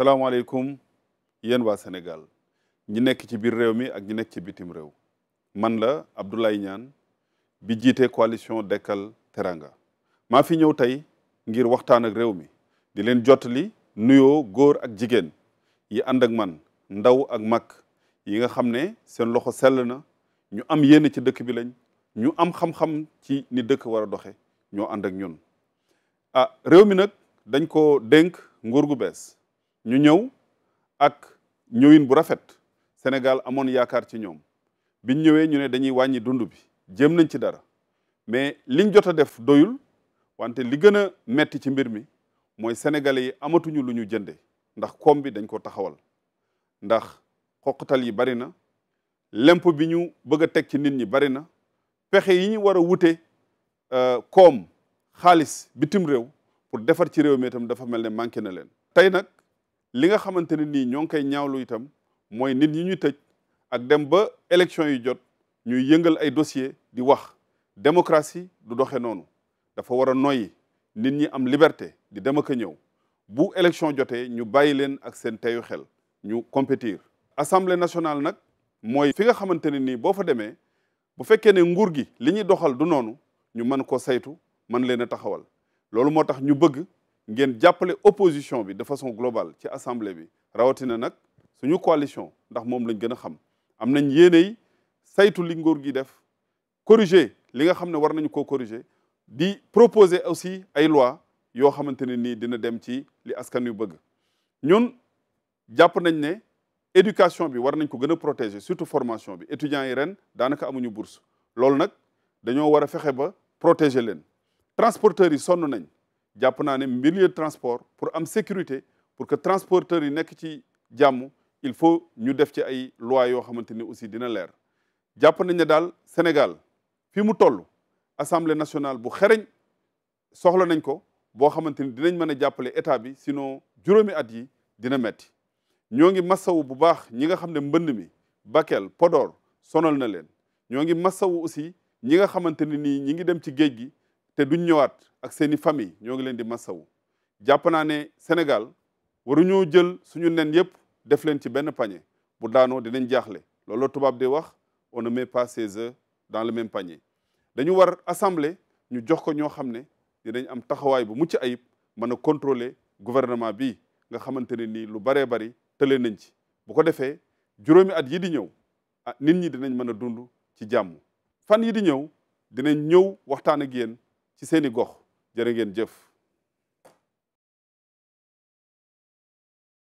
salaamaaleykum yéen waa Sénégal ñi nekk ci biir réew mi ak ñi nekk ci bitim réew man la Abdoulaye Niane bi jiite coalition Dekkal Teranga maa fi ñëw tey ngir waxtaan ak réew mi di leen jottali nuyoo góor ak jigéen yi ànd man ndaw ak mag yi nga xam ne seen loxo sell na ñu am yenn ci dëkk bi lañ ñu am xam-xam ci ni dëkk war a doxe ñoo ànd ñun ah réew mi nag dañ ko dénk nguur gu bees ñu ñëw ak ñëwin bu rafet Sénégal amoon yaakaar ci ñoom biñ ñëwee ñu ne dañuy wàññi dund bi jëm nañ ci dara mais liñ jot a def doyul wante li gën a metti ci mbir mi mooy sénégalais yi amatuñu lu ñu jënde ndax koom bi dañ ko taxawal ndax xoqatal yi bari na lemp bi ñu bëgg a teg ci nit ñi bari na pexe yi ñu war a wute euh, koom xaalis bitim réew pour defar ci réew mi itam dafa mel ne manqué na leen tey nag li nga xamante ne nii ñoo ngi koy ñaawlu itam mooy nit ñi ñu tëj ak dem ba élection yu jot ñuy yëngal ay dossier di wax démocratie du doxe noonu dafa war a noyyi nit ñi am liberté di dem ak a ñëw bu élection jotee ñu bàyyi leen ak seen teyu xel ñu compétir assemblée nationale nag mooy fi nga xamante ne nii boo fa demee bu fekkee ne nguur gi li ñuy doxal du noonu ñu mën ko saytu mën leen a taxawal loolu moo tax ñu bëgg ngeen jàppale opposition bi de façon globale ci assemblée bi rawatina nak suñu coalition ndax mom lañu gëna xam am nañ yéeney saytu li ngor gi def corriger li nga xam ne war nañu ko corriger di proposer aussi ay loi yo xamante ni dina dem ci li askan yu bëgg ñun japp nañ né éducation bi war nañ ko gëna protéger surtout formation bi étudiants yi ren danaka amuñu bourse lool nak dañoo wara fexé ba protéger leen transporteur yi sonn nañ jàpp naa ne milieu de transport pour am sécurité pour que transporteurs yi nekk ci jàmm il faut ñu def ci ay loi yoo xamante ni aussi dina leer jàpp nañ ne daal Sénégal fi mu toll assemblée nationale bu xereñ soxla nañ ko boo xamante ni dinañ mën a jàppale état bi sinon juróomi at yi dina metti ñoo ngi massawu bu baax ñi nga xam ne mbënd mi Bakel Podor sonal na leen ñoo ngi massawu aussi ñi nga xamante ni nii ñi ngi dem ci géej gi te duñ ñëwaat ak seeni famille ñoo ngi leen di masawu jàpp naa ne Sénégal waruñoo jël suñu nen yëpp def leen ci benn pañe bu daanoo dinañ jaaxle looloo tubaab di wax on mais met pas dans le même pañe dañu war assemblée ñu jox ko ñoo xam ne dinañ am taxawaay bu mucc ayib mën a contrôler gouvernement bi nga xamante ne nii lu baree bari tëlee nañ ci bu ko defee juróomi at yi di ñëw ah nit ñi dinañ mën a dund ci jàmm fan yi di ñëw dinañ ñëw waxtaan ak yéen ci seen i gox jërë ngeen jëf